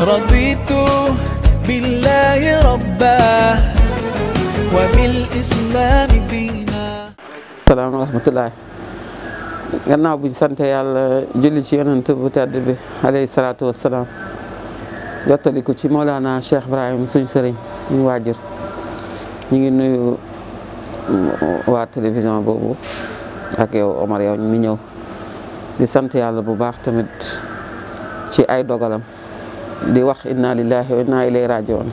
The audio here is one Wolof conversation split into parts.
رضيت بالله ربا وبالإسلام دينا السلام ورحمة الله أنا أبو سانتا يال جولي شيون انتو عليه الصلاة والسلام يطلقوا شي مولانا شيخ إبراهيم سن سري سن واجر نيجي نيو وا تلفزيون بوبو ak yow omar yow ñu ñew di sante yalla bu baax tamit ci ay dogalam di wax inna lillahi wa inna ilayhi rajiun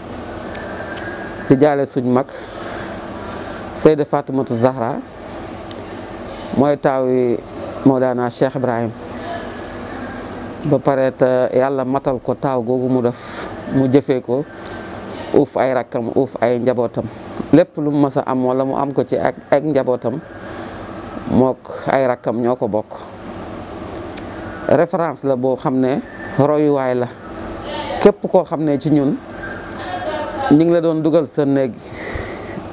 di jaale suñ mag Seyda Fatimatu Zahra mooy taawi moo Mawlana Cheikh Ibrahim ba pare yàlla matal ko taaw googu mu def mu jëfee ko uuf ay rakkam uuf ay njabootam lépp lu mu mës a am walla mu am ko ci ak ak njabootam mook ay rakkam ñoo ko bokk référence la boo xam ne royuwaay la képp koo xam ne ci ñun ñu ngi la doon dugal sa néeg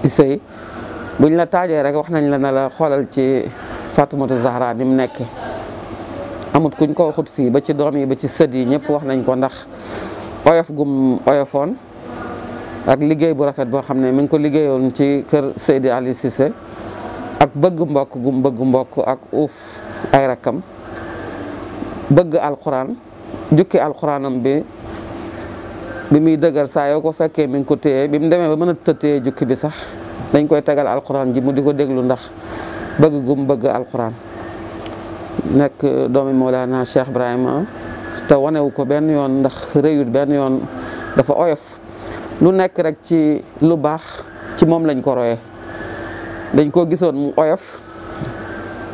sëy buñ la taajee rek wax nañ la na la xoolal ci Fatoumata Zahra ni mu nekk amut kuñ ko waxut fii ba ci doom yi ba ci sët yi ñëpp wax nañ ko ndax oyof gum oyofoon ak liggéey bu rafet boo xam ne mi ngi ko liggéeyoon ci kër Seydi Ali Cissé ak bëgg mbokk gum mbokk ak uuf ay rakkam bëgg alxuraan jukki alxuraanam bi bi muy dëgër saa yoo ko fekkee mi ngi ko téye bi mu demee ba mën a tëttee jukki bi sax dañ koy tegal alxuraan ji mu di ko déglu ndax bëgg gum bëgg alxuraan nekk doomi Mawlana Cheikh Ibrahima te wanewu ko benn yoon ndax réyut benn yoon dafa oyof lu nekk rek ci lu baax ci moom lañ ko royee dañ koo gisoon mu oyof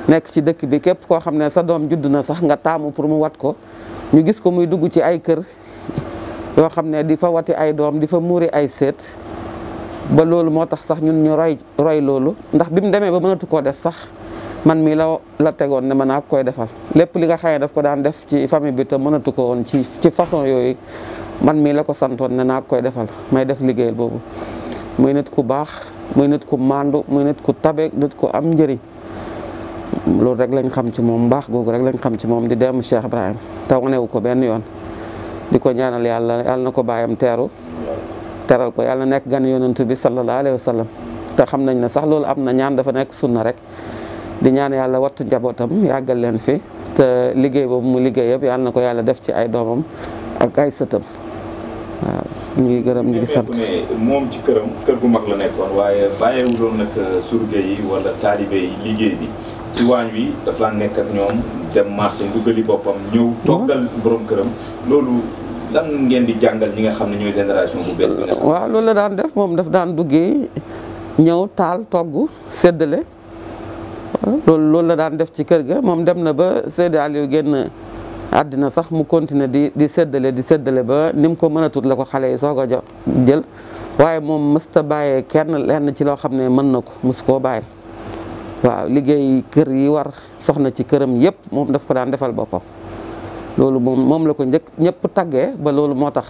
nekk ci dëkk bi képp koo xam ne sa doom judd na sax nga taamu pour mu wat ko ñu gis ko muy dugg ci ay kër yoo xam ne di fa wati ay doom di fa muuri ay seet ba loolu moo tax sax ñun ñu roy roy loolu ndax bi mu demee ba mënatu koo def sax man mii la la tegoon ne man naa koy defal lépp li nga xam daf ko daan def ci famille bi te mënatu ko woon ci ci façon yooyu man mii la ko santoon ne naa koy defal may def liggéeyal boobu. muy nit ku baax muy nit ku màndu muy nit ku tabe nit ku am njëriñ loolu rek lañ xam ci moom mbaax googu rek lañ xam ci moom di dem Cheikh Ibrahim te wanewu ko benn yoon. di ko ñaanal yàlla yàlla na ko baayam teeru teral ko yàlla nekk gan yonent bi sallallahu alayhi wa te xam nañ ne sax loolu am na ñaan dafa nekk sunna rek di ñaan yàlla wattu njabootam yàggal leen fi te liggéey boobu mu liggéey yëpp yàlla na ko yàlla def ci ay doomam ak ay sëtam waaw ñu ngi gërëm ñu ngi sant moom ci këram kër gu mag la nekkoon waaye bàyyiwuloon nag surge yi wala taalibe liggéey bi ci waañ wi dafa daan nekk ñoom dem marché ndugali boppam ñëw toggal borom këram loolu lan ngeen di jàngal ñi nga xam ne ñooy génération bu bees bi nga xam waaw loolu la daan def moom daf daan duggee ñëw taal togg séddale loolu loolu la daan def ci kër ga moom dem na ba Seydou Aliou génn àddina sax mu continuer di di séddale di séddale ba ni ko mën la ko xale yi soo ko jël waaye moom mësta bàyyee kenn lenn ci loo xam ne mën na ko mosu koo bàyyi waaw liggéey kër yi war soxna ci këram yëpp moom daf ko daan defal boppam loolu moom moom la ko njëkk ñëpp taggee ba loolu moo tax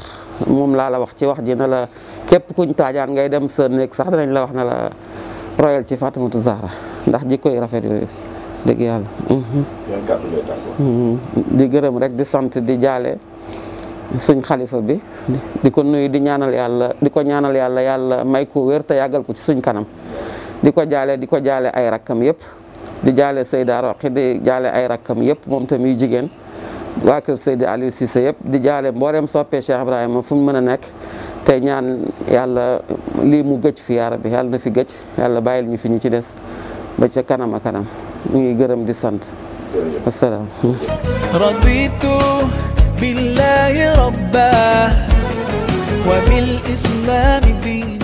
moom laa la wax ci wax ji ne la képp kuñ taajaan ngay dem sa néeg sax danañ la wax na la royal ci Fatimatu Zahra ndax jikko yi rafet yooyu dëgg yàlla mhm. mhm. di gërëm rek di sant di jaale suñ xalifa bi di ko nuyu di ñaanal yàlla di ko ñaanal yàlla yàlla may ko wér te yàggal ko ci suñ kanam diko jale diko jale ay rakam yep di jale sayda Roqi di jale ay rakam yep mom tamit jigen wa kër sayda Aliou Cissé yep di jale mborem soppe Cheikh ibrahim fu meuna nek te ñaan yàlla li mu gecc fi yaara bi yàlla na fi gecc yàlla bayil ñu fi ñu ci dess ba ci kanam ak kanam ñu ngi gërëm di sant assalam raditu billahi rabba wa bil islami diin